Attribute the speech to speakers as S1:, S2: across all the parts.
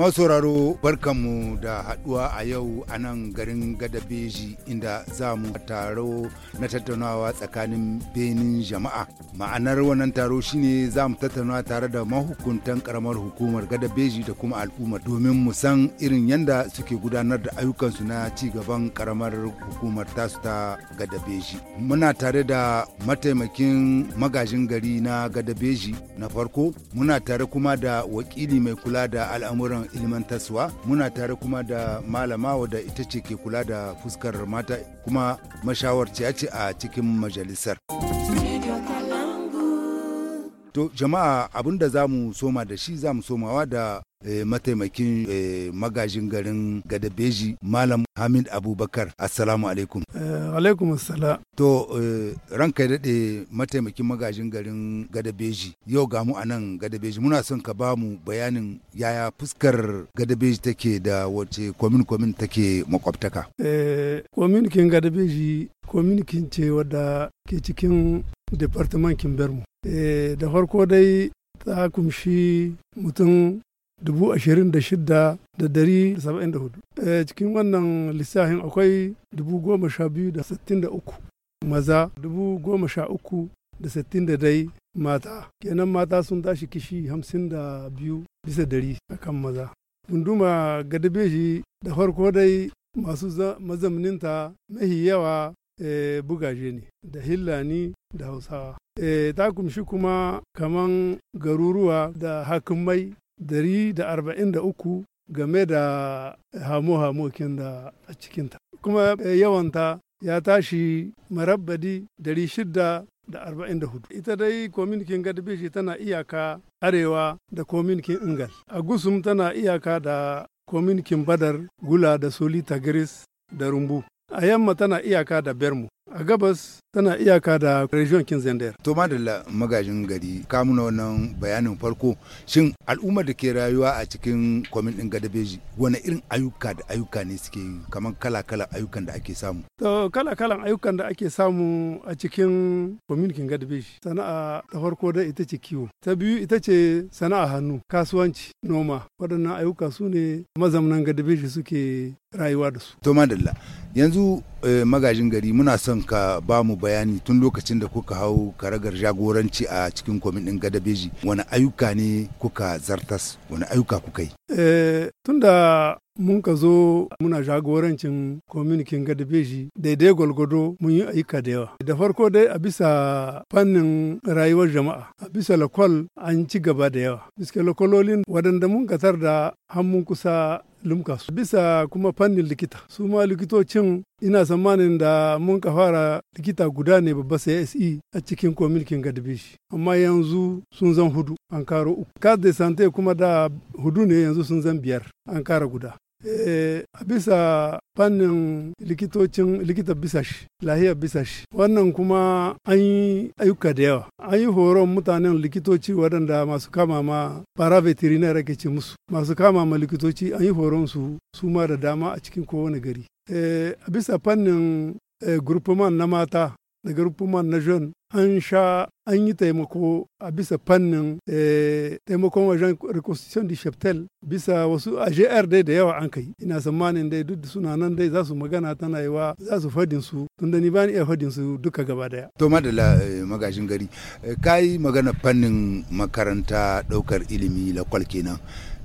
S1: masauraro barkanmu da haduwa a yau a nan garin gada gadabeji inda za mu taro na tattaunawa tsakanin benin jama'a ma'anar wannan taro shine za mu tattauna tare da mahukuntan karamar hukumar gada gadabeji da kuma al'umma domin mu san irin yadda suke gudanar da ayyukansu na ci gaban karamar hukumar tasu ta beji muna tare da mataimakin magajin gari na gada gadabeji na farko muna tare kuma da wakili mai kula da al'amuran ilmantarsuwa muna tare kuma da malama wadda ita ce ke kula da fuskar mata kuma mashawarciya ce a cikin majalisar. To jama'a abin da za mu soma da shi za mu somawa da Eh, mataimakin eh, magajin garin gadabeji malam hamid abubakar assalamu alaikum eh, alaikum assala to ranka daɗe mataimakin magajin garin gadabeji yau ga mu a nan gadabeji muna son ka ba mu bayanin yaya fuskar gadabeji take da wace komin komin take makwabtaka
S2: Kominikin kin gadabeji kominikin ce wadda ke cikin departamentin bermu da farko dai ta kumshi mutum dubu ashirin da shida da dari da saba'in da hudu eh, cikin wannan lissafin akwai dubu goma sha biyu da sittin da uku maza dubu goma sha uku da sittin da dai mata kenan mata sun tashi kishi hamsin da biyu bisa dari a kan maza gunduma gadabeji da farko dai masu mazamninta mahi yawa eh, bugaje ne da hillani da hausawa eh, ta kumshi kuma kaman garuruwa da hakimai 143 game da hamo-hamo kin da a cikinta kuma eh, yawanta ya tashi marabbadi 644 ita dai kominikin gadabishi tana iyaka arewa da kominikin ingal a gusum tana iyaka da kominikin badar gula da Solita gris da rumbu a yamma tana iyaka da bermu a gabas
S1: tana iyaka da region kin Zender. To madalla magajin gari kamu na wannan bayanin farko shin al'ummar da ke rayuwa a cikin kwamin din gadabeji wani irin ayyuka da ayyuka ne suke yi kamar kala-kalan ayyukan da ake samu.
S2: To kala-kalan ayyukan da ake samu a cikin kwamin kin gadabeji sana'a ta farko da ita ce kiwo ta biyu ita ce sana'a hannu kasuwanci noma waɗannan ayyuka su ne mazamnan gadabeji suke
S1: rayuwa da su. To madalla yanzu eh, magajin gari muna son ka bamu bayani tun lokacin da kuka hau karagar jagoranci a cikin kwamitin gadabeji wani ayyuka ne kuka zartas wani ayyuka kuka yi?
S2: Eh, tun da mun ka zo muna jagorancin kwamitin gadabeji daidai gwalgwado mun yi ayyuka da yawa da farko dai a bisa fannin rayuwar jama'a a bisa lakwal an ci gaba da yawa bisa lakwalolin waɗanda mun katar da hannun kusa lumkasu su bisa kuma fannin likita su ma likitocin ina tsammanin da mun ka fara likita guda ne babba sai SE a cikin komilkin Gadabishi amma yanzu sun zan hudu an karo uku kas de sante kuma da hudu ne yanzu sun zan biyar an kara guda Eh, a bisa fannin likitocin likita bisash lahiyar bisash wannan kuma an yi ayyuka da yawa an yi horon mutanen likitoci waɗanda masu kama ma para veterinary ake ce musu masu kama ma likitoci an yi horon su su ma da dama a cikin kowane gari eh, a bisa fannin eh, gurfuman na mata da gurfuman na jeune an sha an yi taimako a bisa fannin eh, taimakon wajen reconstruction de cheptel bisa wasu a jr dai da yawa an kai ina tsammanin dai duk suna nan dai za su magana tana yi wa za su fadin su tunda ni ba ni iya fadin su duka gaba daya
S1: to madala eh, magajin gari eh, ka yi magana fannin makaranta daukar ilimi lakwal kenan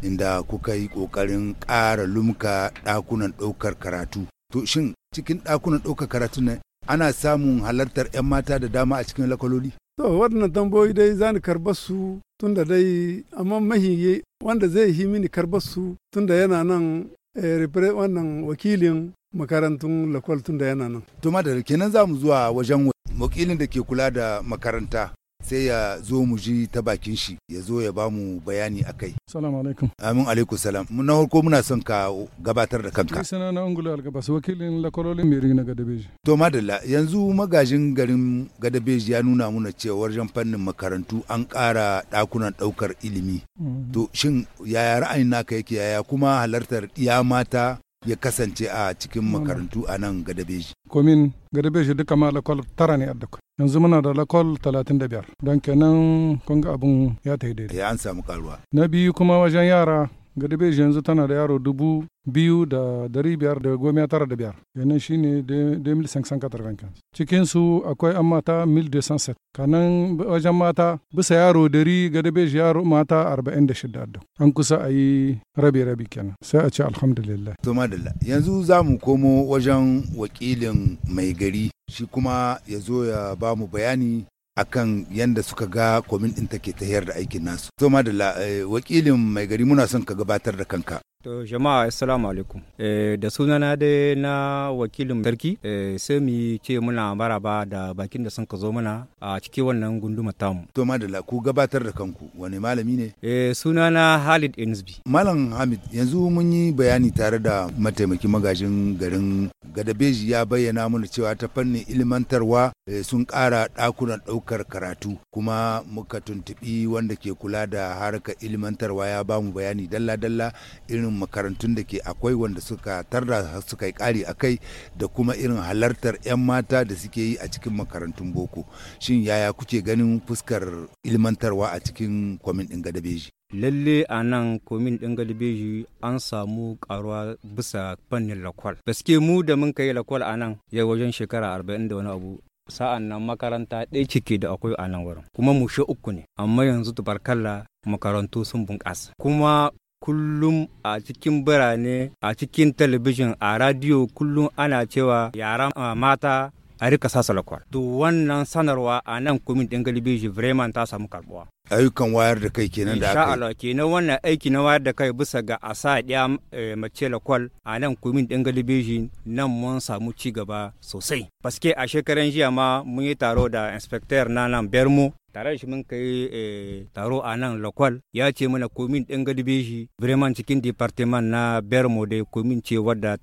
S1: inda kuka yi kokarin kara lumka ɗakunan ɗaukar karatu to shin cikin ɗakunan ɗaukar karatu ne. ana samun halartar 'yan mata da dama a cikin lakwaloli?
S2: To, waɗannan tambayoyi dai za ni karɓar su tun da dai, amma mahi wanda zai yi mini karɓar su tun da yana nan eh, wannan wakilin makarantun lakwal tun da yana nan.
S1: To, madara kenan za mu zuwa wajen wakilin da ke kula da makaranta. sai ya zo mu ji ta bakin shi ya zo ya bamu bayani a kai. Salamu alaikum. Amin alaikum salam. Na farko muna son ka gabatar da kanka. Ni
S3: sanana Ungulu Algabas wakilin lakwalolin Meri na Gadabeji.
S1: To madalla yanzu magajin garin Gadabeji ya nuna muna cewar jan fannin makarantu an ƙara ɗakunan ɗaukar ilimi. Mhm. To shin yaya ra'ayin naka yake yaya kuma halartar iya mata ya kasance a cikin makarantu a nan gadabeji.
S3: komin gadabeji duka ma lakwal tara ne duka. yanzu muna da lakwal talatin da biyar don kenan kun ga abin ya ta daidai. ya an samu karuwa. na biyu kuma wajen yara gadabeji yanzu tana da yaro dubu biyu da dari biyar da goma tara da biyar yanan shi ne 2595 cikinsu akwai an mata 1207 kanan wajen mata bisa yaro dari gadabeji yaro mata arba'in da da an kusa a yi rabe-rabe kenan sai a ce alhamdulillah to madalla yanzu
S1: za mu komo wajen wakilin mai gari shi kuma ya zo ya ba mu bayani akan yadda suka ga komin ɗin take ta da aikin nasu. Zoma da eh, wakilin mai gari muna son ka gabatar da kanka.
S4: To jama'a assalamu alaikum. E, da sunana dai na wakilin sarki e, sai mu ce muna maraba da bakin da sun ka zo mana a cikin wannan gunduma tamu. To madalla ku gabatar da kanku wani malami ne? E, sunana Halid Insbi.
S1: Malam Hamid yanzu mun yi bayani tare da mataimakin magajin garin Gadabeji ya bayyana mana cewa ta fannin ilmantarwa sun ƙara ɗakunan ɗaukar karatu kuma muka tuntuɓi wanda ke kula da harkar ilmantarwa ya bamu bayani dalla-dalla irin makarantun da ke akwai wanda suka tarda suka yi kari a kai da kuma irin halartar 'yan mata da suke yi a cikin makarantun boko shin yaya kuke ganin fuskar ilmantarwa a cikin kwamin ɗin gadabeji
S4: lalle a nan komin ɗin galibeji an samu karuwa bisa fannin lakwal gaske mu da mun kai lakwal a nan ya wajen shekara arba'in da wani abu sa'an nan makaranta ɗaya cike da akwai a nan wurin kuma mushe uku ne amma yanzu tubarkalla makarantu sun bunƙasa kuma kullum a cikin birane a cikin talabijin a radiyo kullum ana cewa yara mata
S1: a rika sasa lakwal
S4: duk wannan sanarwa a nan kumin ɗin galibeji ta samu karbuwa
S1: ayyukan wayar da kai kenan da aka yi. Allah
S4: kenan wannan aiki na wayar da kai bisa ga a sa ɗaya eh, mace lakwal a nan kumin ɗin galibeji nan mun samu ci gaba sosai. Paske a shekaran jiya ma mun yi taro da inspector na nan Bermo tare shi mun kai eh, taro a nan lokwal ya ce mana komin ɗin galibeji bremen cikin departement na bermo da komin ce wadda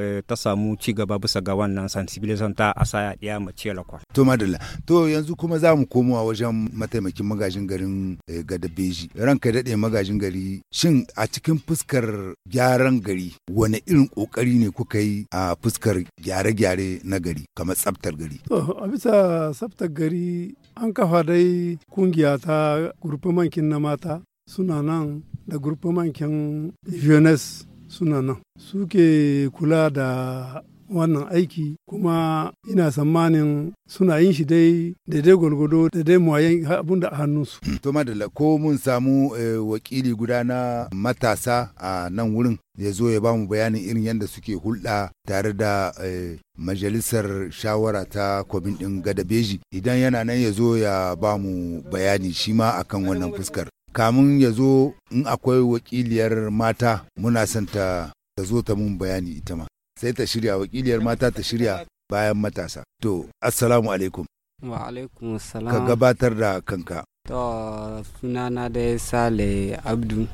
S4: eh, ta samu ci gaba bisa ga wannan sensibilization ta sa ɗaya mace lokwal.
S1: to madalla to yanzu kuma za mu komowa wajen mataimakin magajin garin garin eh, gadabeji ranka daɗe magajin gari shin a cikin fuskar gyaran gari wani irin ƙoƙari ne kuka yi a fuskar gyare-gyare na gari kamar tsaftar gari
S2: to a bisa tsaftar gari an kafa dai kungiya ta mankin na mata suna nan da mankin jeunesse suna nan suke kula da wannan aiki kuma ina tsammanin suna yin shi dai
S1: daidai gwalgwado da dai muwayen abin da a hannunsu. To madalla ko mun samu eh, wakili guda na matasa a nan wurin ya zo ya bamu bayanin irin yadda suke hulɗa tare da eh, majalisar shawara ta kwabin ɗin gadabeji idan yana nan ya zo ya bamu bayani shi ma akan wannan fuskar. kamun ya zo in akwai wakiliyar mata muna son ta zo ta mun bayani ita ma. sai ta shirya wakiliyar mata ta shirya bayan matasa to assalamu alaikum wa alaikum salam ka gabatar da kanka to sunana da sale abdu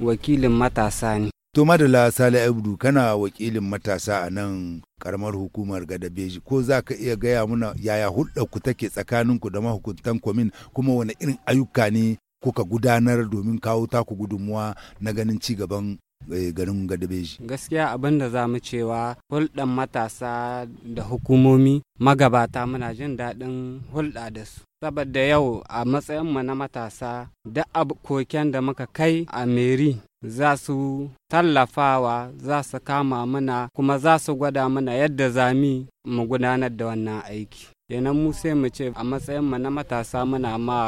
S1: wakilin matasa ne to madala sale abdu kana wakilin matasa a nan karamar hukumar gadabeji ko za ka iya gaya muna yaya hulɗa ku take tsakaninku da mahukuntan kwamin kuma wani irin ayyuka ne kuka gudanar domin kawo taku gudunmuwa na ganin ci gaban Eh, garin gadabeji
S5: gaskiya abin da za mu cewa hulɗan matasa da hukumomi magabata muna jin daɗin hulɗa da su saboda yau a matsayin mu na matasa da koken da muka kai a meri za su tallafawa za su kama muna kuma za su gwada mana yadda zami mu gudanar da wannan aiki kenan mu sai mu ce a matsayin mu na matasa muna ma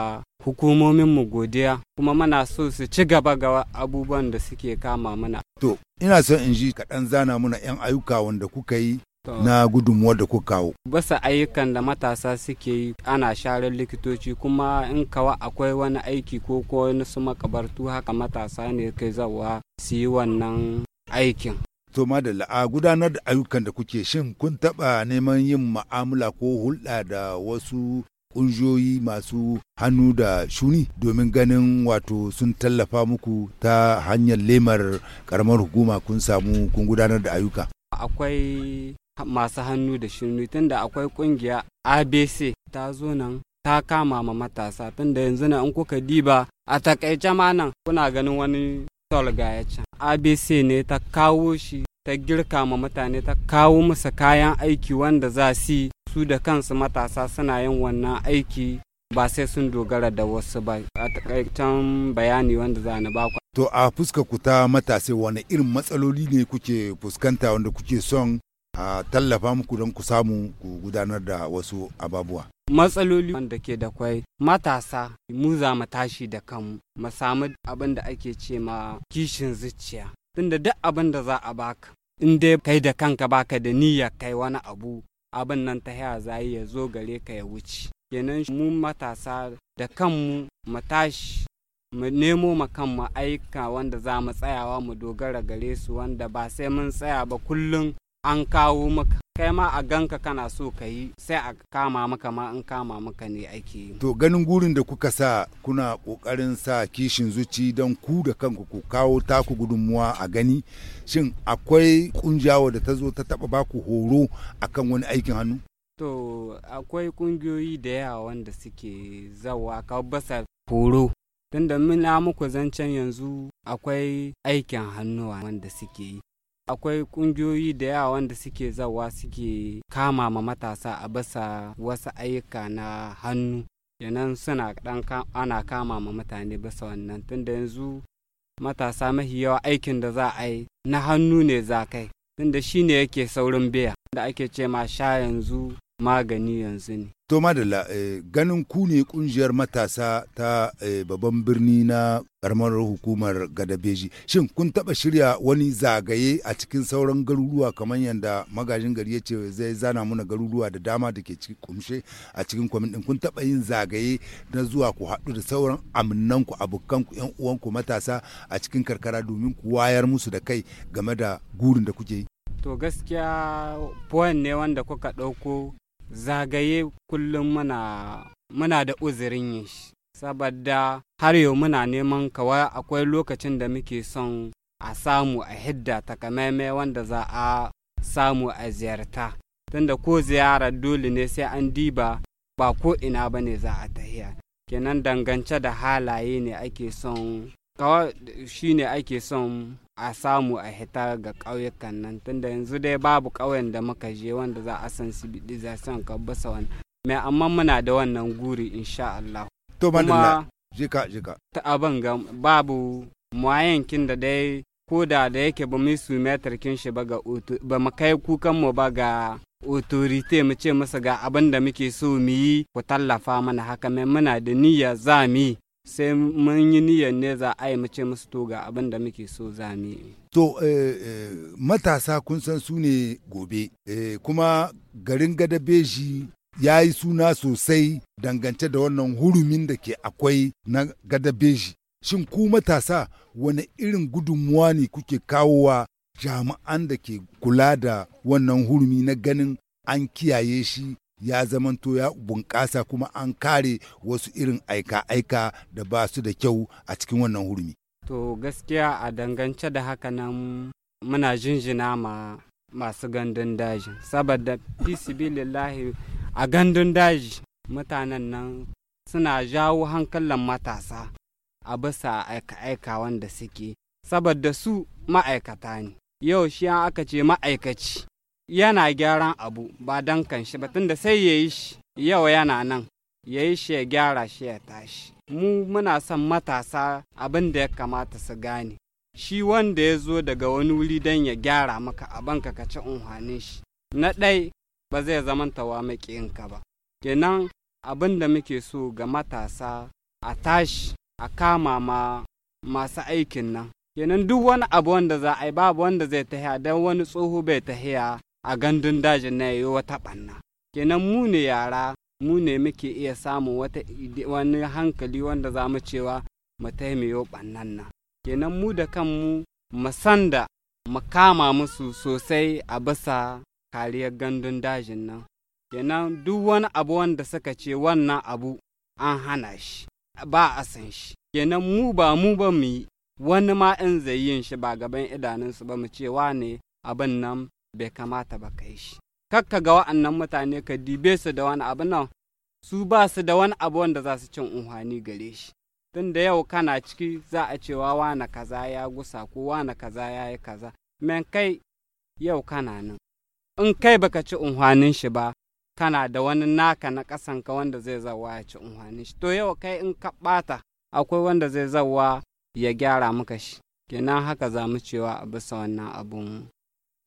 S1: hukumomin mu godiya
S5: kuma muna so su ci gaba ga abubuwan da suke kama muna
S1: to ina son in ji kaɗan zana muna 'yan ayyuka wanda kuka yi na gudunmuwar da kuka kawo.
S5: Basa ayyukan da matasa suke yi ana sharar likitoci kuma in kawa akwai wani aiki ko ko wani su makabartu haka
S1: matasa ne kai zawa su yi wannan aikin. To da a gudanar da ayyukan da kuke shin kun taɓa neman yin ma'amala ko hulɗa da wasu ƙungiyoyi masu hannu da shuni domin ganin wato sun tallafa muku ta hanyar lemar karamar hukuma kun samu kun gudanar da ayyuka.
S5: Akwai masu hannu da shuni tunda akwai kungiya ABC ta zo nan ta kama ma matasa tunda yanzu na in kuka diba a takaice ma nan kuna ganin wani sol ya can abc ne ta kawo shi ta girka ma mutane ta kawo musu kayan aiki wanda za su su da kansu matasa suna yin wannan aiki ba sai sun dogara da wasu ba a takaitan bayani wanda za ni
S1: ba to a fuska ku ta matasa wani irin matsaloli ne kuke fuskanta wanda kuke son a tallafa muku don ku samu ku gudanar da wasu ababuwa.
S5: Matsaloli wanda ke da kwai matasa mu za mu tashi da kanmu mu samu abin da ake ce ma kishin zuciya. Tunda duk abin da za a baka in dai kai da kanka baka da niyya kai wani abu abin nan ta haya za ya zo gare ka ya wuce. Kenan mu matasa da kanmu mu tashi mu nemo ma kanmu aika wanda za mu tsayawa mu dogara gare su wanda ba sai mun tsaya ba kullum an kawo maka kai ma a ganka kana so ka yi sai a kama maka ma an kama maka ne ake yi.
S1: To ganin gurin da kuka sa kuna kokarin sa kishin zuci don ku da kanku ku kawo taku gudunmuwa a gani shin akwai kunjawa da ta zo ta taba baku horo akan wani aikin hannu?
S5: To akwai kungiyoyi da yawa wanda suke zawa ka basa horo tunda muna muku zancen yanzu akwai aikin hannuwa wanda suke yi akwai kungiyoyi da yawa wanda suke zawa suke kama ma matasa a basa wasu ayyuka na hannu kenan suna dan ana kama ma mutane basa wannan tunda yanzu matasa mafi yawa aikin da za a yi na hannu ne za kai tunda shi ne yake saurin biya da ake ce ma sha yanzu magani yanzu ne.
S1: To Madalla eh, ganin ku ne kungiyar matasa ta eh, babban birni na karamar hukumar Gadabeji. Shin kun taba shirya wani zagaye a cikin sauran garuruwa kamar yadda magajin gari ya ce zai zana muna garuruwa da dama da ke cikin kumshe a cikin kwamin ɗin kun taba yin zagaye na zuwa ku haɗu da sauran aminanku abokanku yan uwanku matasa a cikin karkara domin ku wayar musu da kai game da gurin da kuke yi.
S5: To gaskiya ne wanda kuka ɗauko zagaye kullum muna muna da uzurin yi saboda har yau muna neman kawai akwai lokacin da muke son a samu a hidda takamaimai wanda za a samu a ziyarta tunda ko ziyara dole ne sai an diba ba ko ina ba ne za a tahiya kenan dangance da halaye ne ake son Kawa shi ne ake son a samu a hita ga ƙauyukan nan tunda yanzu dai babu ƙauyen da muka je wanda za a san civilization san basa wani. Mai amma muna da wannan guri insha Allah.
S1: To madalla jika jika.
S5: Ta abin ga babu kin da dai ko da da yake ba mu su kin shi ba ga ba mu kai kukan mu ba ga otorite mu ce masa ga abin da muke so mu yi ku tallafa mana haka mai muna da niyya za mu yi sai mun yi niyyar ne za a yi mace musu to ga abin muke so za mu
S1: To eh, eh, matasa kun san su ne gobe, eh, kuma garin gada beji ya yi suna sosai dangance da wannan hurumin da ke akwai na gada beji. Shin ku matasa wani irin gudunmuwa ne kuke kawowa jami'an da ke kula da wannan hurumi na ganin an kiyaye shi ya zamanto ya bunƙasa kuma an kare wasu irin aika-aika da ba su da kyau a cikin wannan hurumi.
S5: To gaskiya a dangance da haka nan muna jinjina ma masu gandun daji saboda lillahi a gandun daji mutanen nan suna jawo hankalin matasa a bisa aika-aika wanda suke saboda su ma'aikata ne yau shi aka ce ma'aikaci yana gyaran abu ba don kanshi ba tunda sai ya yi shi yau yana nan ya yi shi ya gyara shi ya tashi mu muna son matasa abin da ya kamata su gane shi wanda ya zo daga wani wuri don ya gyara maka banka ka ci unhanin shi na ɗai ba zai zamantawa maƙiyinka ba kenan abin da muke so ga matasa a tashi a kama ma masu aikin nan kenan duk wani abu wanda za a yi babu wanda zai tahiya don wani tsoho bai tahiya a gandun dajin na yi wata ɓanna kenan mu ne yara mu ne muke iya samun wani hankali wanda za mu cewa mu taimiyo ɓannan nan kenan mu da kanmu mu san da mu kama musu sosai a bisa kariyar gandun dajin nan kenan duk wani abu wanda suka ce wannan abu an hana shi ba a san shi kenan mu ba mu ba mu yi wani ma in zai yin shi ba gaban idanunsu ba mu cewa ne abin nan bai kamata ba ka yi shi kakka ga wa'annan mutane ka dibe su da wani abu nan su ba su da wani abu wanda za su cin unhwani gare shi tun da yau kana ciki za a cewa wane kaza ya gusa ko wane kaza ya yi kaza men kai yau kana nan in kai baka ci unhwanin shi ba kana da wani naka na ka wanda zai zawa ya ci unhwanin shi to yau kai in ka ɓata akwai wanda zai zawa ya gyara maka shi kenan haka za mu cewa a bisa wannan abun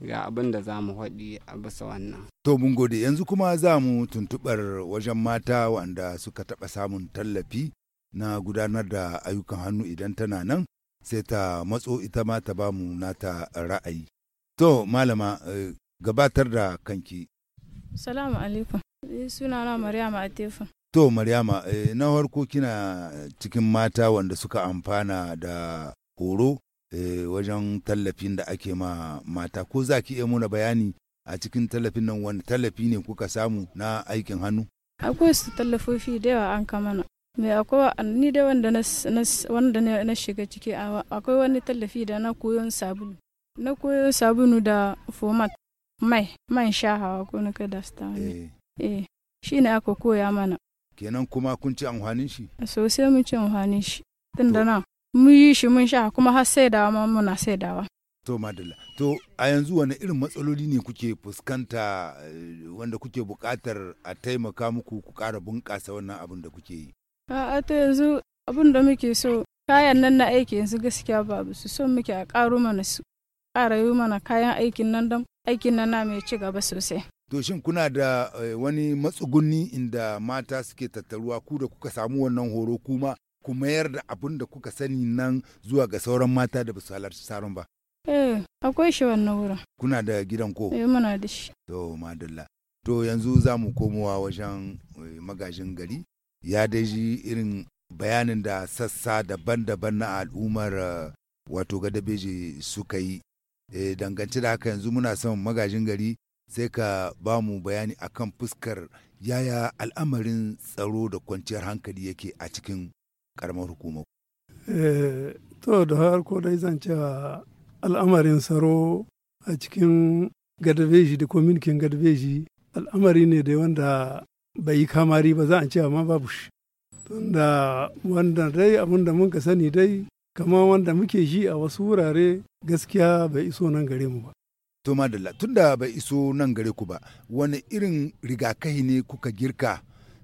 S5: ga abin da za mu haɗi a bisa wannan.
S1: To mun gode yanzu kuma za mu tuntuɓar wajen mata wanda suka taɓa samun tallafi na gudanar da ayyukan hannu idan tana nan sai ta matso ita ma ta ba mu nata ra'ayi. To malama eh, gabatar da kanki.
S6: Salamu alaikum. Sunana Maryama Atefa.
S1: To Maryama eh, na farko kina cikin mata wanda suka amfana da horo e, wajen tallafin da ake ma mata ko za ki iya muna bayani a cikin tallafin nan wani tallafi ne kuka samu na aikin hannu
S6: akwai su tallafofi da yawa an kama na mai akwai ni da wanda na, na shiga ciki akwai wani tallafi da na koyon sabulu na koyon sabulu da format mai man shahawa ko na sta eh. eh shi ne aka koya mana
S1: kenan kuma kun ci amfanin shi
S6: sosai mun ci amfanin shi tunda na mun yi shi mun sha kuma har sai dawa ma muna saidawa
S1: to madalla to a yanzu wani irin matsaloli ne kuke fuskanta eh, wanda kuke buƙatar a taimaka muku ku ƙara bunƙasa wannan abin da kuke yi
S6: a'a to yanzu abin da muke so kayan nan na aiki yanzu gaskiya babu su son muke a ƙaro mana su ƙara yi mana kayan aikin nan don aikin nan na mai ci gaba sosai
S1: to shin kuna da eh, wani matsugunni inda mata suke tattaruwa ku da kuka samu wannan horo kuma ku mayar da abin da kuka sani nan zuwa ga sauran mata da basu halarci taron ba?
S6: Eh, akwai shi wannan wurin.
S1: Kuna da gidan ko? Eh,
S6: muna da shi.
S1: To, madalla. To, yanzu za mu komowa wajen eh, magajin gari. Ya daji irin bayanin da sassa daban-daban na al'ummar eh, wato gada gadabeji suka yi. E, dangance da haka yanzu muna son magajin gari sai ka ba mu bayani akan fuskar yaya al'amarin tsaro da kwanciyar hankali yake a cikin karamar hukuma.
S2: Eh, to da harko dai zan cewa al'amarin tsaro a cikin garbeji da kwaminkin garbeji al'amari ne da wanda bai yi kamari ba za a ce amma babu shi tunda wanda dai abin da mun ka sani dai kama wanda muke shi a wasu wurare gaskiya bai iso nan gare mu ba
S1: to madalla tunda bai iso nan gare ku ba wani irin rigakai ne kuka girka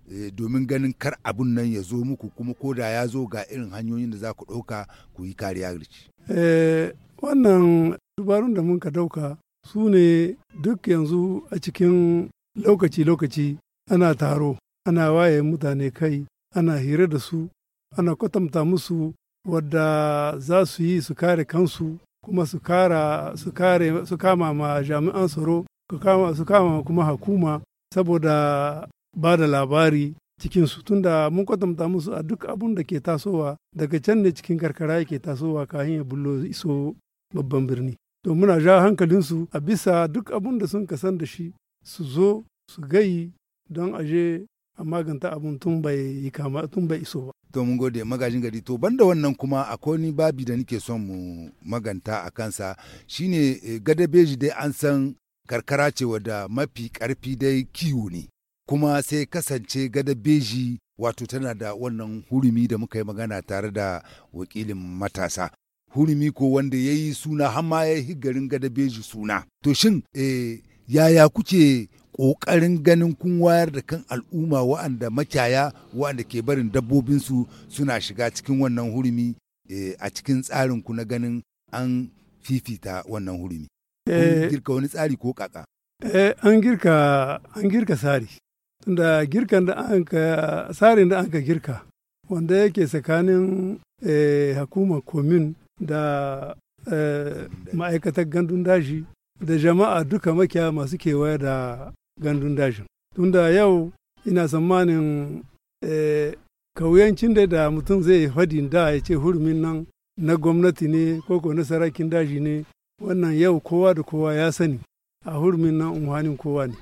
S1: Eh, domin ganin kar abun nan ya zo muku kuma ko da ya zo ga irin hanyoyin da za ku ɗauka ku yi kariya da shi.
S2: Eh, wannan dubarun da muka ɗauka su ne duk yanzu a cikin lokaci-lokaci ana taro ana waye mutane kai ana hira da su ana kwatanta musu wadda za su yi su kare kansu kuma su kara su kare su kama ma jami'an tsaro su kama kuma hakuma saboda ba da labari cikinsu tunda mun kwatanta musu a duk abun da ke tasowa daga can ne cikin karkara yake tasowa kayan ya bullo iso babban birni to muna ja su a bisa duk abun da sun kasan da shi su zo su gayi don aje a maganta abun tun bai kama tun bai iso ba
S1: to mun gode magajin gari to banda wannan kuma akwai ni babi da nake son mu maganta a kansa shine eh, gadabeji dai an san karkara ce wadda mafi karfi dai kiwo ne kuma sai kasance gada beji wato tana da wannan hurumi da muka yi magana tare da wakilin matasa hurumi ko wanda ya yi suna hamma ya yi garin gada beji suna to shin eh, yaya kuke ƙoƙarin ganin kun wayar da kan al'umma wa'anda makyaya wa'anda ke barin dabbobinsu suna shiga cikin wannan hurumi eh, a cikin tsarin ku na ganin an fifita wannan hurumi. An eh, girka wani tsari ko kaka?
S2: an girka tsari tunda girkan da an ka da anka girka wanda yake tsakanin eh, hukumar komin da eh, ma'aikatar gandun daji da jama'a duka makiya masu kewaye da gandun dajin tunda yau ina tsammanin eh, kauyancin da mutum zai faɗi da ya ce hurumin nan na gwamnati ne ko na sarakin daji ne wannan yau kowa da kowa ya sani a hurumin nan unhanin kowa ne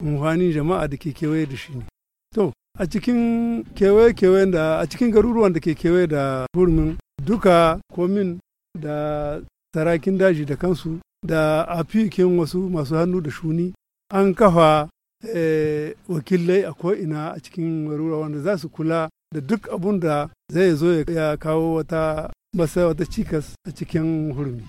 S2: amfanin jama'a da ke kewaye da shi ne to a cikin kewaye-kewayen da a cikin garuruwan da ke kewaye da hurmin duka komin da sarakin daji da kansu da afikin wasu masu hannu da shuni an kafa eh, wakilai a ko'ina a cikin garuruwa wanda za su kula da duk abun da zai zo ya kawo wata masa wata cikas a cikin hurmi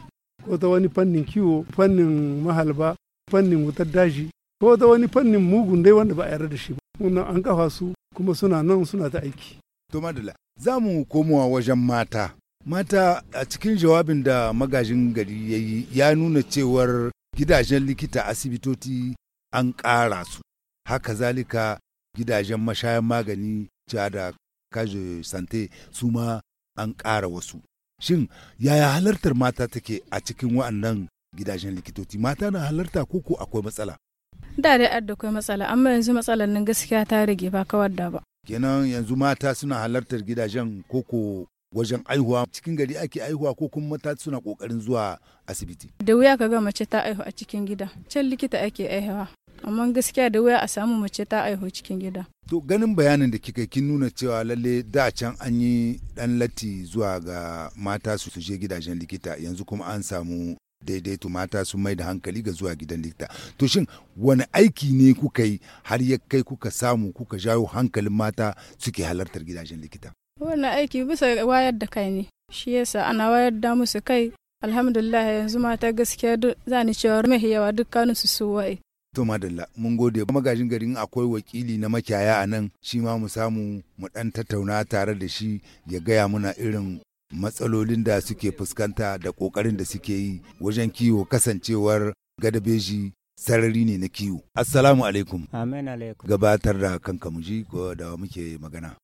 S2: ko ta wani fannin kiwo fannin mahalba fannin wutar daji ko da wani fannin mugun dai wanda ba a yarda da shi ba wannan an kafa su kuma suna nan
S1: suna ta aiki to madala za mu komowa wajen mata mata a cikin jawabin da magajin gari ya yi ya nuna cewar gidajen likita asibitoci an ƙara su haka zalika gidajen mashayan magani ja da kaje sante su ma an ƙara wasu shin yaya halartar mata take a cikin wa'annan gidajen likitoci mata na halarta koko akwai matsala
S6: da dai adda kai matsala amma yanzu matsalar nan gaskiya ta rage ba kawar da ba
S1: kenan yanzu mata suna halartar gidajen koko wajen aihuwa cikin gari ake aihuwa ko kuma mata suna kokarin zuwa asibiti
S6: da wuya ka ga mace ta aihu a cikin gida can likita ake aihuwa amma gaskiya da wuya a samu mace ta aihu cikin gida
S1: to ganin bayanin da kika kin nuna cewa lalle da can an yi dan latti zuwa ga mata su je gidajen likita yanzu kuma an samu daidaito mata sun mai da hankali ga zuwa gidan likita to shin wani aiki ne kuka yi har ya kai kuka samu kuka jawo hankalin mata suke halartar gidajen likita
S6: wani aiki bisa wayar da kai ne shi yasa ana wayar da musu kai alhamdulillah yanzu mata gaskiya zani ni cewa mai yawa dukkaninsu su waye
S1: To madalla mun gode magajin garin akwai wakili na makiyaya a nan shi ma mu samu mu dan tattauna tare da shi ya gaya muna irin matsalolin da suke fuskanta da ƙoƙarin da suke yi wajen kiwo kasancewar gadabeji sarari ne na kiwo. Assalamu alaikum. Amin alaikum. Gabatar da kanka muji ko da muke magana.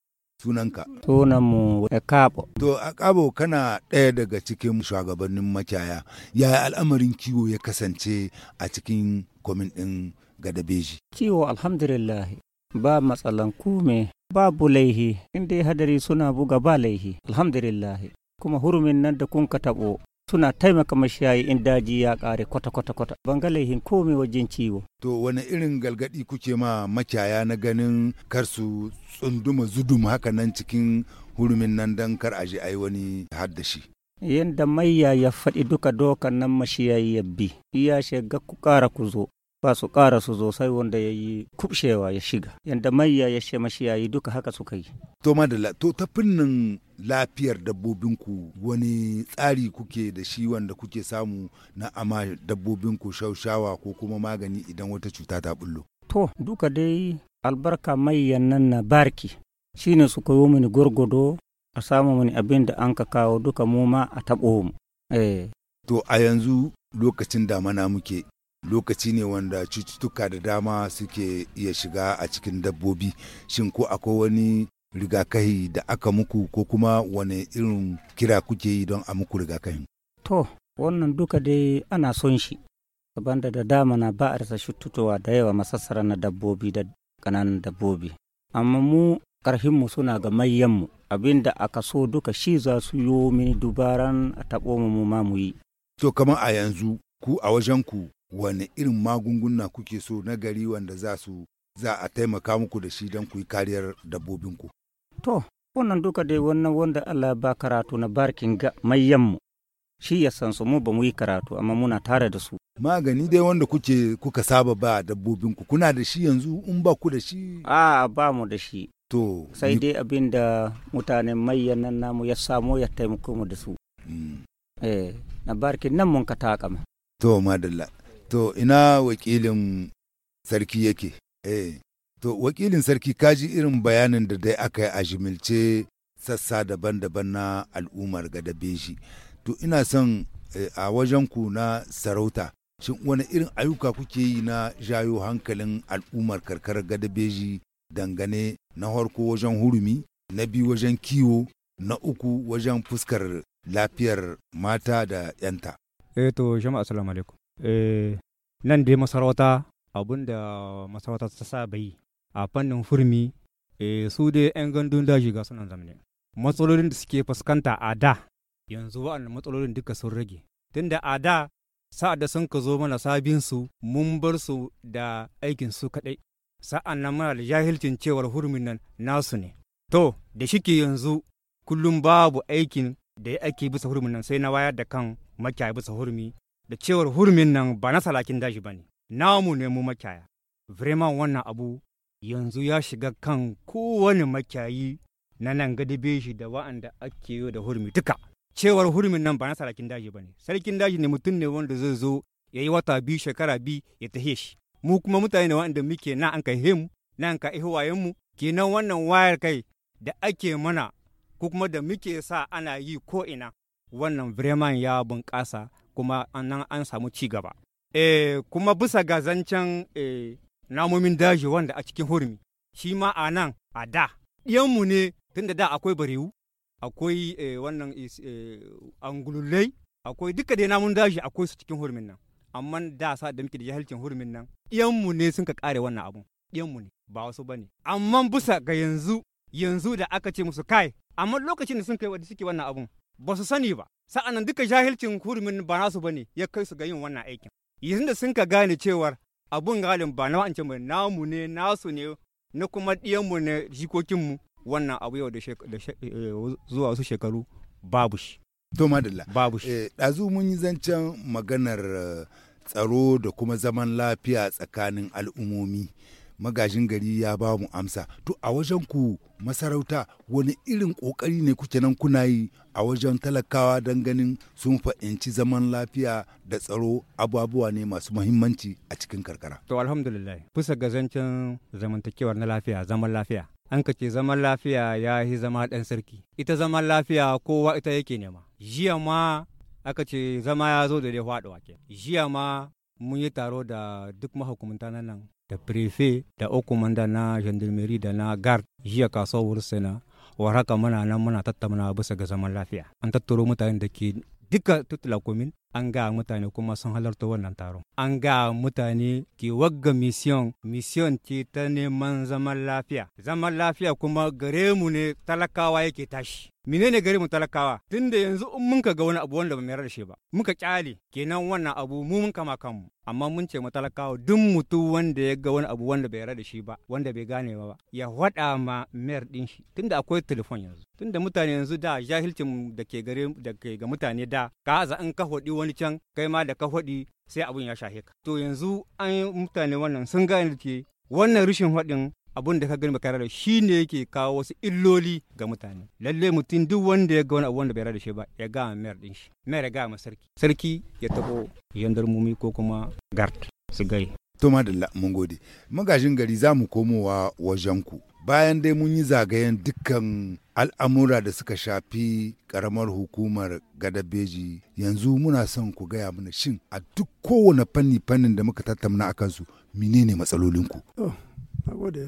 S1: Sunanka. Sunanmu Kabo. To a Kabo kana ɗaya daga cikin shugabannin makiyaya. yi al'amarin kiwo ya kasance a cikin kwamin ɗin Gadabeji? Kiwo alhamdulillah ba matsalan kome babu
S7: laihi in dai hadari suna buga ba laihi alhamdulillah kuma hurumin nan da kun ka taɓo suna taimaka mashayi in daji ya kare kwata-kwata-kwata laihin komai wajen ciwo.
S1: To wani irin galgadi kuke ma macaya na ganin kar su tsunduma zudum haka nan cikin hurumin nan dan kar a ai wani haddashi.
S7: Yanda maiya ya faɗi duka dokan nan mashiyayi ya bi, iya shiga ku kara ku zo, ba su ƙara su zo sai wanda ya yi kubshewa ya shiga yadda mayya ya shi mashi yi duka haka suka yi
S1: to da to ta fannin lafiyar dabbobinku wani tsari kuke da shi wanda kuke samu na ama dabbobinku shaushawa ko kuma magani idan wata cuta ta bullo
S7: to duka dai albarka mayyan nan na barki shine su koyo mini gurgudo a samu mini abin da an ka kawo duka mu ma a taɓo mu
S1: eh to a yanzu lokacin damana muke lokaci ne wanda cututtuka da dama suke iya shiga a cikin dabbobi shin ko akwai wani rigakahi da aka muku ko kuma wani irin kira kuke yi don a muku rigakahin
S7: to wannan duka dai ana son shi banda da dama na ba a rasa cututtuwa da yawa masassara na dabbobi da kananan dabbobi amma mu ƙarfinmu suna ga mayyanmu abin da aka so duka shi za su yi mini dubaran a taɓo
S1: mu ma mu yi to kamar a yanzu ku a wajen ku wani irin magunguna kuke so na gari wanda za su za a taimaka muku da shi don ku yi kariyar dabbobinku.
S7: To, wannan duka dai wannan wanda Allah ba karatu na barkin ga mayyanmu shi ya san su mu ba mu yi karatu amma muna tare da su.
S1: Magani dai wanda kuke kuka saba ba dabbobinku kuna da shi yanzu in ba ku da shi? A ba mu da shi. To. Sai
S7: dai abin da mutanen mayyan namu ya samo ya taimako mu da su. Mm. Eh, na barkin
S1: nan mun ka taƙama. To madalla. to ina wakilin sarki yake eh to wakilin sarki kaji irin bayanin da dai aka yi a jimilce sassa daban-daban na al'ummar beji to ina son eh, a wajen ku na sarauta shin wani irin ayyuka kuke yi na jayo hankalin al'ummar karkarar beji dangane na harko wajen hurumi na biyu wajen kiwo na uku wajen fuskar lafiyar mata da 'yanta.
S4: Eh to jama'a asalamu alaikum. Eh, nan dai masarauta abin da masarauta ta sa bai a fannin furmi eh, su dai 'yan gandun daji ga sunan zamani matsalolin da suke fuskanta a da yanzu wa'annan matsalolin duka sun rage tunda a da sa'ad da sun ka zo mana sabin su mun bar su da aikin su kaɗai sa'an nan muna da jahilcin cewar hurmin nan nasu ne to da shike yanzu kullum babu aikin da ake bisa hurmin nan sai na wayar da kan makiyaye bisa hurmi da cewar hurumin nan ba na salakin daji ba ne namu ne mu makiyaya vraiment wannan abu yanzu ya shiga kan kowane makyayi na nan gadibe shi da wa'anda ake yi da hurmi duka cewar hurumin nan ba na salakin daji ba ne sarkin daji ne mutum ne wanda zai zo ya yi wata biyu shekara biyu ya tahe shi mu kuma mutane ne wa'anda muke na an ka na an ka mu kenan wannan wayar kai da ake mana ko kuma da muke sa ana yi ko ina wannan vraiment ya bunƙasa kuma nan an samu ci gaba Eh, kuma bisa ga zancen eh, namomin daji wanda a cikin hurmi shi ma a nan a da ɗiyanmu ne tun da da akwai barewu akwai eh, wannan eh, angululai akwai duka dai namun daji akwai su cikin hurmin nan amma da sa da muke da jahilcin hurmin nan ɗiyanmu ne sun ka kare wannan abun ɗiyanmu ne ba wasu ba ne amma bisa ga yanzu yanzu da aka ce musu kai amma lokacin da sun kai wanda suke wannan abun ba su sani ba sa'an nan duka jahilcin hurumin ba nasu ba ne ya kai su ga yin wannan aikin yanzu da sun ka gane cewar abun galin ba na wa'ance mai namu ne nasu ne na kuma ɗiyanmu ne jikokinmu wannan
S1: abu yau da eh, zuwa wasu shekaru babu shi to madalla babu shi eh, ɗazu mun yi zancen maganar eh, tsaro da kuma zaman lafiya tsakanin al'ummomi magajin gari ya ba mu amsa to a wajen ku masarauta wani irin kokari ne kuke nan kuna yi a wajen talakawa don ganin sun fahimci zaman lafiya da tsaro abubuwa ne masu muhimmanci a cikin karkara to
S4: alhamdulillah bisa ga zamantakewar na lafiya zaman lafiya an ka zaman lafiya ya yi zama ɗan sarki ita zaman lafiya kowa ita yake nema jiya ma aka ce zama ya zo da dai faɗuwa ke jiya ma mun yi taro da duk mahukumta na nan da prefe da da na gendarmerie da na guard jiya kasuwar wursina war haka muna nan muna tattauna bisa ga zaman lafiya an tattaro mutanen da ke duka tutula komin an ga mutane kuma sun halarta wannan taron. An ga mutane ke wagga mission, mission ce ta neman zaman lafiya. Zaman lafiya kuma gare mu ne talakawa yake tashi. menene gare mu talakawa tunda yanzu in mun ka ga wani abu wanda ba mai shi ba muka kyale kenan wannan abu mu mun kama kanmu amma mun ce mu talakawa duk mutum wanda ya ga wani abu wanda bai da shi ba wanda bai gane ba ya faɗa ma mayar din shi tunda akwai telefon yanzu tunda mutane yanzu da jahilcin da ke gare da ke ga mutane da ka za in ka hodi wani can kai ma da ka faɗi sai abun ya shahe ka to yanzu an yi mutane wannan sun gane ke wannan rashin faɗin abun da ka gani baka da shi ne yake kawo wasu illoli ga mutane lalle mutum duk wanda ya ga wani abu wanda bai da shi ba ya gama mayar ɗin shi mayar ya gama ma sarki
S1: sarki ya tabo yandarmomi ko kuma gard su gai to madalla mun gode magajin gari za mu komowa wajen ku bayan dai mun yi zagayen dukkan al'amura da suka shafi karamar hukumar gada beji yanzu muna son ku gaya mana shin a duk kowane fanni fannin da muka tattauna a kansu menene matsalolinku
S2: oh,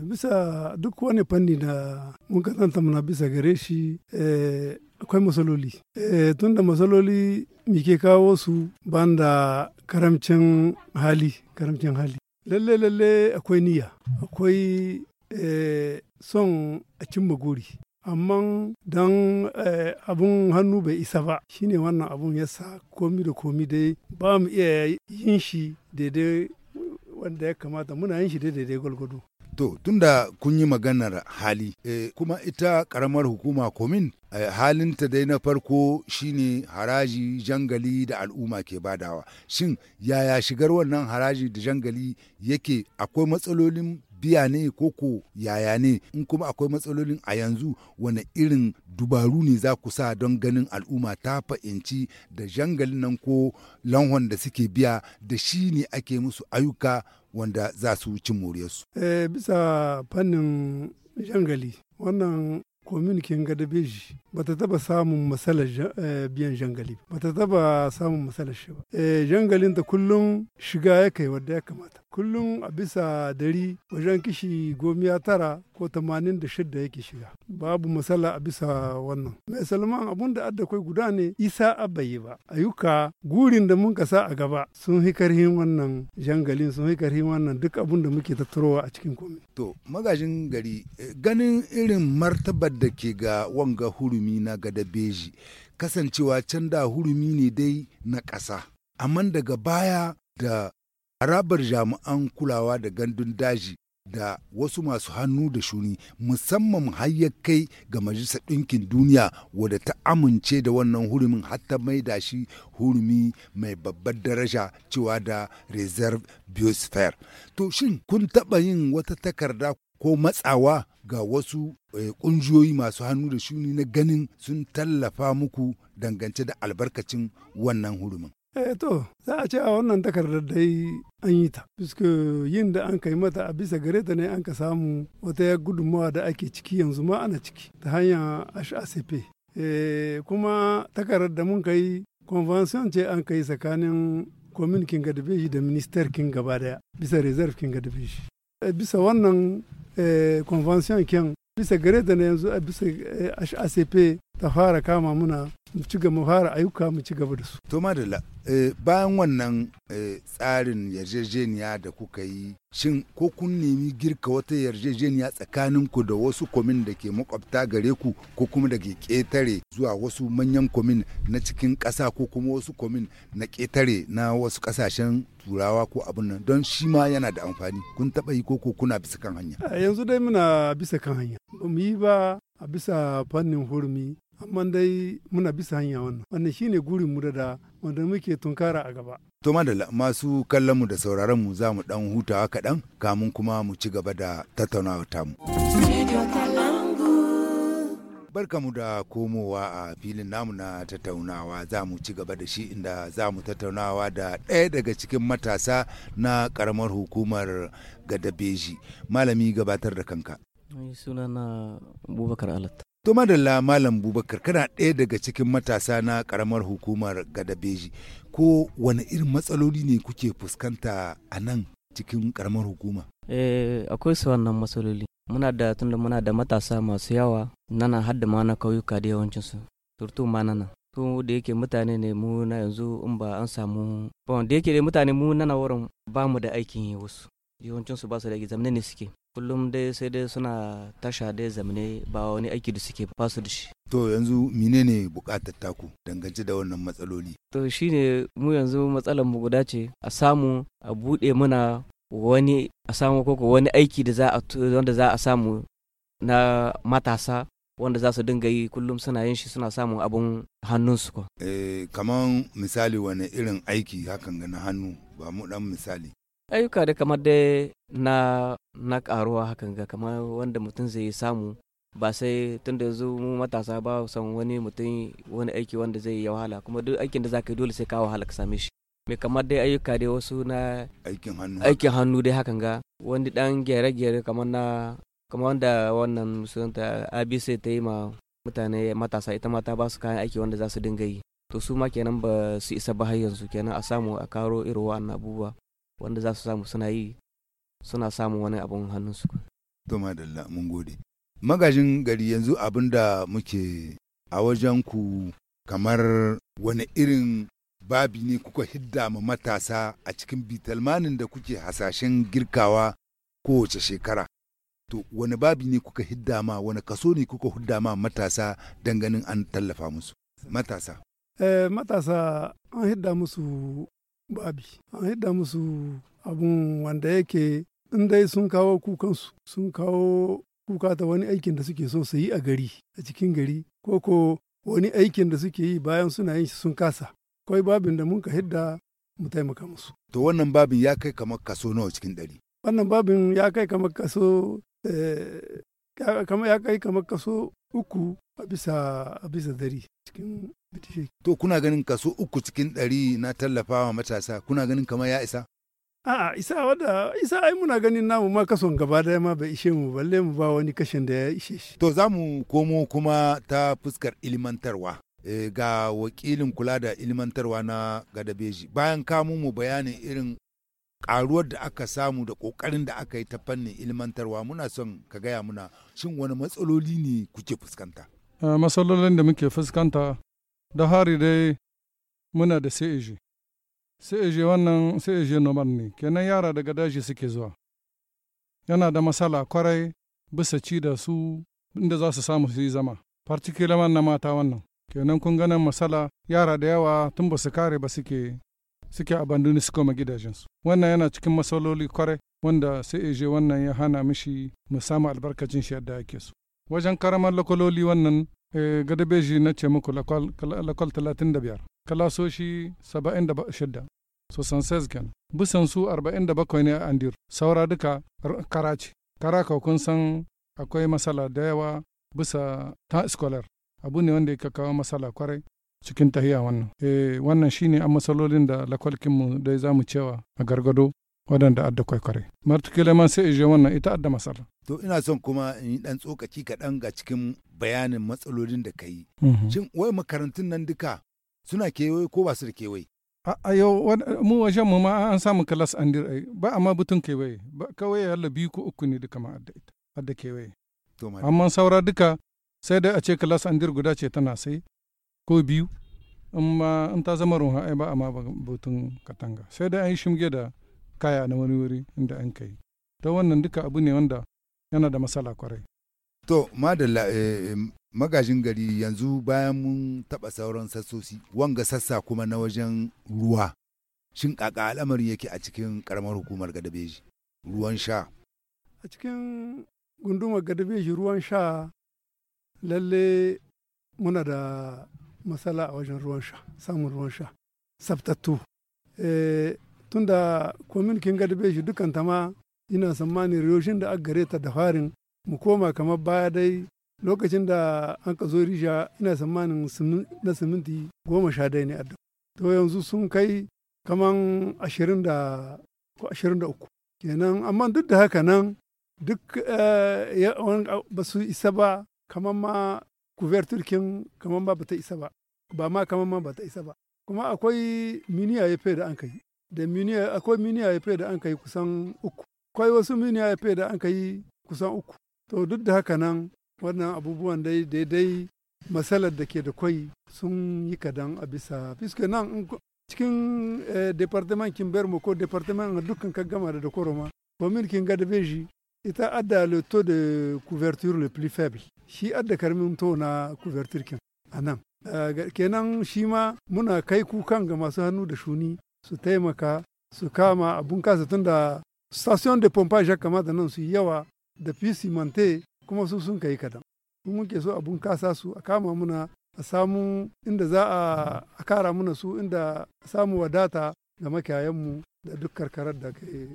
S2: bisa duk wani fanni da kasanta muna bisa gare shi eh, akwai matsaloli tun eh, tunda matsaloli muke kawo su banda karamcin hali karamcin hali lalle lalle akwai niyya akwai Eh, son a cimma guri amma don eh, abun hannu bai isa ba shine wannan abun yasa komi da komi dai ba mu iya yin shi daidai wanda ya kamata muna yin shi daidai gwalgwado
S1: To tunda kun yi maganar hali, eh, kuma ita karamar hukuma komin e, halinta dai na farko shine haraji jangali da al'umma ke badawa. Shin yaya shigar wannan haraji da jangali yake akwai matsalolin biya ne ko ko yaya ne in kuma akwai matsalolin a yanzu wani irin dubaru ne za ku sa don ganin al'umma ta fahimci da jangalin nan ko lanhon da suke biya da shi ne ake musu ayyuka wanda za su ci moriyarsu.
S2: Eh, bisa fannin jangali wannan kominikin gadabeji ba ta taba samun matsalar eh, biyan jangali ba ta taba samun matsalar shi ba eh, jangalin ta kullum shiga ya kai wadda ya kamata kullum a bisa dari wajen kishi gomiya tara ko tamanin da 86 yake shiga babu matsala a bisa wannan mai salman abun da adda kai guda ne isa abayi ba ayyuka gurin da mun kasa a gaba sun fi karhin wannan jangalin sun fi karhin wannan duk
S1: abun da muke tattarowa a cikin komai to magajin gari eh, ganin irin martabar da ke ga wanga hurumi na gada beji kasancewa can da hurumi ne dai na ƙasa amma daga baya da harabar jami'an kulawa da gandun daji da wasu masu hannu da shuni musamman har kai ga majalisar ɗinkin duniya wadda ta amince da wannan hurumin hatta mai da shi hurumi mai babbar daraja cewa da reserve biosphere to shin kun taɓa yin wata takarda ko matsawa ga wasu eh, ƙungiyoyi masu hannu da shuni na ganin sun tallafa muku dangance da albarkacin wannan hurumin
S2: Eh to, za a ce a wannan takardar dai an yi ta, puisque yin da an kai mata a bisa gare ta ne an ka samu wata ya gudunmawa da ake ciki yanzu ma ana ciki ta hanyar HACP. Eh, kuma takardar da mun kai convention ce an kai tsakanin komin kin gadabeji da minister kinga gaba daya bisa reserve kin gadabeji. Eh, bisa wannan eh, convention kin bisa gare ta ne yanzu a bisa HACP eh, ta fara kama muna mu ci gaba fara ayyuka mu ci gaba da su.
S1: To Madalla, eh, bayan wannan eh, tsarin yarjejeniya da kuka yi, shin ko kun nemi girka wata yarjejeniya tsakanin ku da wasu komin da ke makwabta gare ku ko kuma da ke ƙetare zuwa wasu manyan komin na cikin ƙasa ko kuma wasu komin na ƙetare na wasu ƙasashen turawa ko abin nan don shi ma yana da amfani kun taɓa yi ko kuna bisa kan hanya.
S2: Yanzu dai muna bisa kan hanya. Ba mu yi ba a bisa fannin hurmi amma dai muna bisa hanya wannan wannan shine gurin mu da wanda muke tunkara a gaba
S1: to madalla masu kallon mu da sauraron mu za mu dan hutawa kaɗan kamun kuma mu ci gaba da tattaunawa tamu barka mu da komowa a filin namu na tattaunawa za mu ci gaba da shi inda za mu tattaunawa da ɗaya daga cikin matasa na ƙaramar hukumar gadabeji malami gabatar da kanka
S8: sunana
S1: abubakar alat To madalla Malam Bubakar kana ɗaya daga cikin matasa na ƙaramar hukumar Gadabeji ko wani irin matsaloli ne kuke fuskanta a nan cikin ƙaramar
S8: hukuma? Eh, akwai su wannan matsaloli. Muna da tunda muna da matasa masu yawa nana har da ma na kauyuka da yawancinsu. Turtu ma nana. To da yake mutane ne mu na yanzu in ba an samu. Bon da yake mutane mu nana wurin ba mu da aikin yi wasu. Yawancinsu ba su da gizamne zamanin ne suke. kullum dai sai dai suna tasha dai zamane ba wani aiki da suke fasu da shi
S1: to yanzu menene bukatar taku dangance da wannan matsaloli
S8: to shine mu yanzu matsalar mu guda ce a samu a bude muna wani a samu koko wani aiki da za a wanda za a samu na matasa wanda za su dinga yi kullum suna yin shi suna samun abun hannunsu ko.
S1: Eh, kaman misali wani irin aiki hakan ga na hannu ba mu dan misali.
S8: ayyuka da kamar dai na na karuwa hakan ga kamar wanda mutum zai samu ba sai tun da yanzu mu matasa ba son wani mutum wani aiki wanda zai yi wahala kuma duk aikin da zaka yi dole sai ka wahala ka same shi mai kamar dai ayyuka dai wasu na aikin hannu dai hakan ga wani dan gyare-gyare kamar na kamar wanda wannan musulunta abc ta yi ma mutane matasa ita mata ba su kayan aiki wanda za su dinga yi to su ma kenan ba su isa ba har yanzu kenan a samu a karo irin wa'annan abubuwa wanda za su samu suna yi suna samun wani abin hannunsu. To madalla
S1: mun gode. Magajin gari yanzu abin da muke a wajen ku kamar wani irin babi ne kuka hidda ma matasa a cikin bitalmanin da kuke hasashen girkawa kowace shekara. To wani babi ne kuka hidda ma wani kaso ne kuka hidda ma matasa ganin an tallafa musu. Matasa.
S2: Eh, matasa an hidda musu babi an hidda musu abun wanda yake in dai sun kawo kukansu sun kawo kuka ta wani aikin da suke so su yi a gari a cikin gari ko ko wani aikin da suke yi bayan suna yin shi sun kasa kawai babin da mun ka hidda mu taimaka musu
S1: to wannan babin ya kai kamar kaso nawa cikin dari.
S2: wannan babin ya kai kamar kaso eh, ya kai kamar kaso uku a bisa dari cikin
S1: To kuna ganin kaso uku cikin ɗari na tallafawa matasa kuna ganin kamar ya isa?
S2: A'a isa wadda isa ai muna
S1: ganin namu ma kason gaba daya ma bai ishe mu balle mu ba wani kashin da ya ishe shi. To za mu komo kuma ta fuskar ilimantarwa. Eh, ga wakilin kula da ilimantarwa na gadabeji bayan kamun mu bayanin irin karuwar da aka samu da kokarin da aka yi ta fannin ilmantarwa muna son ka gaya muna shin wani matsaloli ne kuke
S3: fuskanta uh, matsalolin da muke fuskanta da hari dai muna da sai sai wannan sai nomar ne kenan yara daga daji suke zuwa yana da masala kwarai bisa ci da su inda za su samu su yi zama particular na mata wannan kenan kun ganin matsala yara da yawa tun ba su kare ba suke suke abandoni su koma gidajensu wannan yana cikin masaloli kwarai wanda sai ije wannan ya hana mishi mu samu albarkacin shi yadda ake so wajen karamar lokololi wannan Eh, gada beji na ce muku lakwal 35 kalasoshi 76 sosan sezgen bisan su 47 ne a andir saura duka karaci karaka kun san akwai matsala da yawa bisa ta scholar abu ne wanda ya kawo matsala kwarai cikin tahiya wannan. Eh, wannan shine an matsalolin da lakwalkinmu dai za mu cewa a gargado waɗanda adda kwaikware martikila man sai ije wannan ita adda masar
S1: to ina son kuma in yi ɗan tsokaci kaɗan ga cikin bayanin matsalolin da ka yi mhm. shin wai makarantun nan duka suna kewaye ko ba su da kewaye
S3: a yau mu wajen mu ma an samu kalas an dir eh, ba amma butun kewaye ba kawai yalla biyu ko uku ne duka ma adda ita adda kewaye amma saura duka sai dai a ce kalas an dir guda ce tana sai ko biyu amma in ta zama ruha ai ba amma butun katanga sai dai an yi shimge da kaya na wani wuri inda an kai don wannan duka abu ne wanda yana da matsala kwarai
S1: to madalla eh, magajin gari yanzu bayan mun taɓa sauran sassosi wanga sassa kuma na wajen ruwa shin kaka al'amarin yake a cikin karamar hukumar gadabeji ruwan sha
S2: a cikin gundumar gadabeji ruwan sha lalle muna da matsala a wajen ruwan sha samun ruwan sha tsaftattu eh, tunda komin kin ga shi dukkan ta ma ina tsammanin riyoshin da aka gare ta da farin mu koma kamar baya dai lokacin da an ka zo risha ina tsammanin na siminti goma sha dai ne adda to yanzu sun kai kaman ashirin da ashirin da uku kenan amma duk da haka nan duk eh, ba su isa ba kaman ma turkin kaman ba ta isa ba ba ma kaman ma ba ta isa ba kuma akwai miniya ya da an kai da miniya akwai miniya ya da an kai kusan uku akwai wasu miniya ya da an kai kusan uku to duk da haka nan wannan abubuwan dai daidai matsalar da ke da kwai sun yi kadan a bisa fiske nan cikin eh, departement bermo ko departement dukkan ka gama da koroma komin kin ga da beji ita adda le taux de couverture le plus faible shi adda karmin to na couverture kin anan eh, kenan shi ma muna kai kukan ga masu hannu da shuni su taimaka su kama a bunkasa tun da station de pompage ya kamata nan su yawa da fisimante kuma su sun kai kadan muke so a bunkasa su a kama muna a samu inda za a kara muna su inda samu wadata ga makiyayenmu da duk karkarar da ke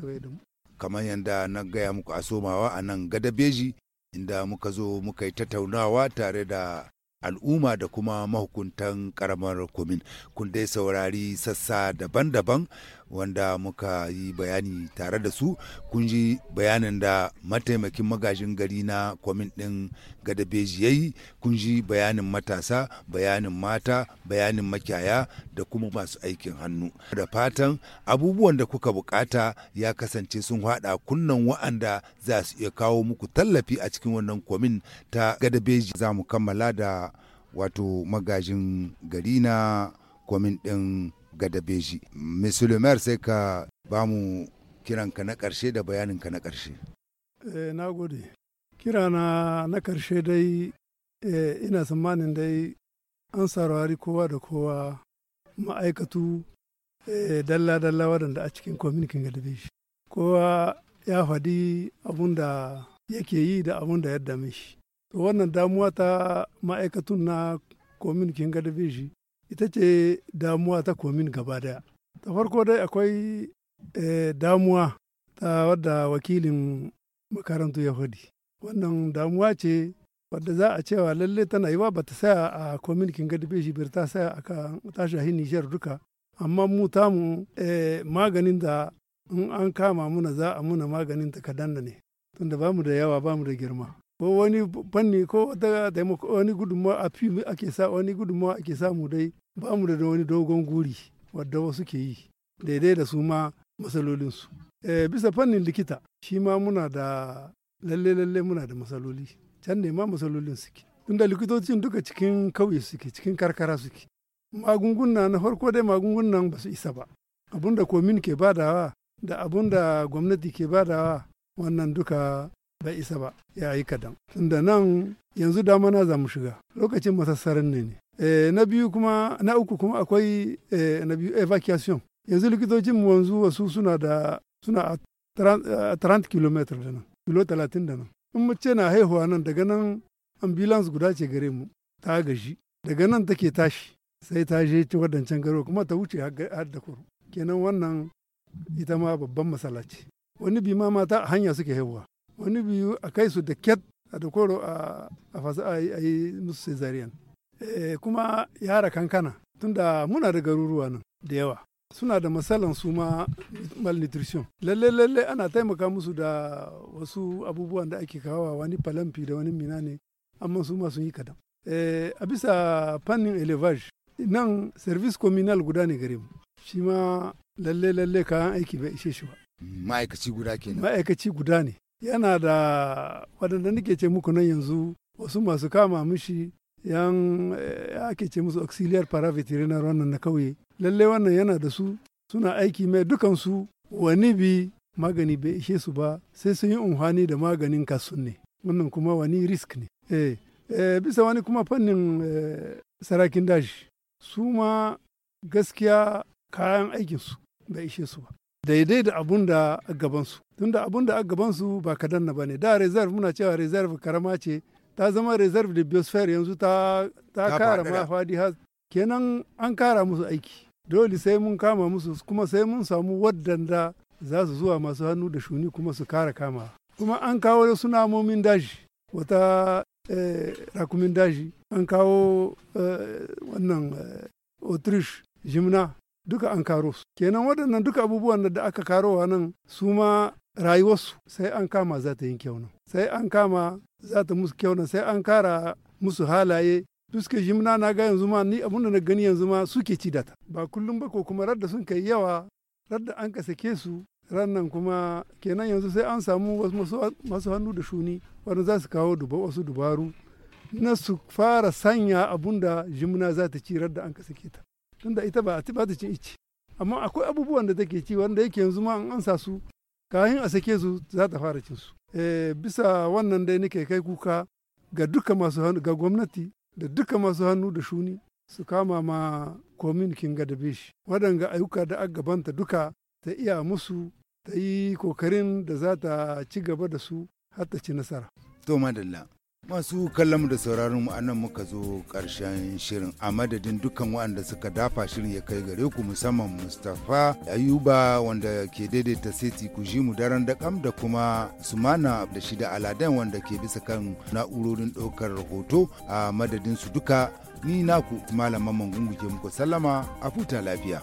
S2: kewaye da mu.
S1: Kamar yadda na gaya muku a somawa a nan gada beji inda muka zo muka yi tattaunawa tare da al'umma da kuma mahukuntan karamar kumin kun dai saurari sassa daban-daban wanda muka yi bayani tare da su kun ji bayanin da mataimakin magajin gari na kwamin ɗin gadabeji ya yi kun ji bayanin matasa bayanin mata bayanin makyaya da kuma masu aikin hannu da fatan abubuwan da kuka bukata ya kasance sun haɗa kunnan wa'anda za su iya kawo muku tallafi a cikin wannan kwamin ta gadabeji za mu kammala da wato magajin gari na kwamin ɗin ga dabeji sai ka ba mu kiranka na ƙarshe da bayanin ka na ƙarshe
S2: eh, na gode kira na na ƙarshe dai eh, ina tsammanin dai an saurari kowa da kowa ma'aikatu eh, dalla-dalla waɗanda a cikin kominikin ga kowa ya faɗi abun da yake yi da abun da ya dame shi to wannan damuwa ta ma'aikatun na kominikin ga shi ita ce damuwa ta komin gaba daya ta farko dai akwai eh, damuwa ta wadda wakilin makarantu ya faɗi wannan damuwa ce wadda za a cewa lalle tana yi ba ta saya a komin gadi gadibe shi bir ta saya a kan tashahin nijar duka amma mu ta mu eh, maganin da in an kama muna za a muna maganin ta kadan ne tunda ba mu da yawa ba mu da girma ko wani fanni ko wata taimako wani gudunmawa a fim ake sa wani gudunmawa ake samu dai ba mu da wani dogon guri wadda wasu ke yi daidai da su ma matsalolinsu eh, bisa fannin likita shi ma muna da lalle lalle muna da matsaloli can ne ma matsalolin suke tunda likitocin duka cikin kauye suke cikin karkara suke magunguna na farko dai magungunan ba su isa ba abun da komin ke badawa da abun da gwamnati ke badawa wannan duka bai isa ba ya yi kadan tunda nan yanzu damana za mu shiga lokacin masassarin ne ne eh, na biyu kuma na uku kuma akwai eh, na biyu evacuation yanzu likitocin mu wanzu wasu suna da suna a 30 eh, km da nan kilo 30 da nan in mace na haihuwa nan daga nan ambulance guda ce gare mu ta gaji daga nan take tashi sai ta je ci wadancan garo kuma ta wuce har da kenan wannan ita ma babban masala ce wani bi ma mata a hanya suke haihuwa wani biyu a kai su da ket a da koro a fasa a yi musu cesarean eh, kuma yara kankana tunda muna da garuruwa nan da yawa suna da matsalan su ma malnutrition lalle lalle ana taimaka musu da wasu abubuwan da ake kawo wani falamfi da wani mina ne amma su ma sun yi kadan eh, a bisa fannin elevage nan service communal guda ne gare mu shi ma lalle lalle kayan aiki bai ishe shi ba
S1: ma'aikaci guda ma'aikaci
S2: guda ne yana da waɗanda nake ce muku nan yanzu wasu masu kama mishi yan eh, ake ce musu auxiliar paraveterinar wannan na kauye lalle wannan yana da su suna aiki mai dukansu wani bi magani bai ishe su ba sai sun yi unhani da maganin kasun ne wannan kuma wani risk ne eh, eh bisa wani kuma fannin eh, sarakin dashi su ma gaskiya kayan aikinsu bai ishe su ba daidai da abun da a gabansu tun da abun da a gabansu ba kadan ba ne da reserve muna cewa reserve karama ce ta zama reserve da biosphere yanzu ta ta kara ma fadi kenan an kara musu aiki dole sai mun kama musu kuma sai mun samu waddanda za su zuwa masu hannu da shuni kuma su kara kama kuma an kawo sunamomin daji wata eh, rakumin daji an kawo eh, wannan autriche eh, jimna duka an karo su kenan waɗannan duka abubuwan da aka karowa nan su ma rayuwarsu sai an kama za ta yi kyauna sai an kama za ta musu kyauna sai an kara musu halaye duske jimna na ga yanzu ma ni abun na gani yanzu ma suke ci data ba kullum ba ko kuma radda sun kai yawa radda an ka sake su rannan kuma kenan yanzu sai an samu wasu masu hannu da shuni wani za su kawo duba wasu dubaru na su fara sanya abun da jimna za ta ci radda an ka sake ta tunda ita ba ba ta cin ice amma akwai abubuwan da take ci wanda yake yanzu ma an ansa su kayan a sake su za ta fara cin su eh, bisa wannan dai nake kai kuka ga duka masu hannu ga gwamnati da duka masu hannu da shuni su kama ma komin ga da bishi waɗanga ayyuka da aka gabanta duka ta iya musu ta yi kokarin da za ta ci gaba da su har ta ci nasara.
S1: To madalla. Masu kallon da sauraron mu anan muka zo karshen shirin a madadin dukkan waɗanda suka dafa shirin ya kai gare ku musamman Mustapha Ayuba wanda ke daidaita seti kujimu daran daren da kam da kuma Sumana da shida Aladen wanda ke bisa kan na'urorin ɗaukar rahoto a madadin su duka ni naku malaman mangungu ke muku sallama a futa lafiya.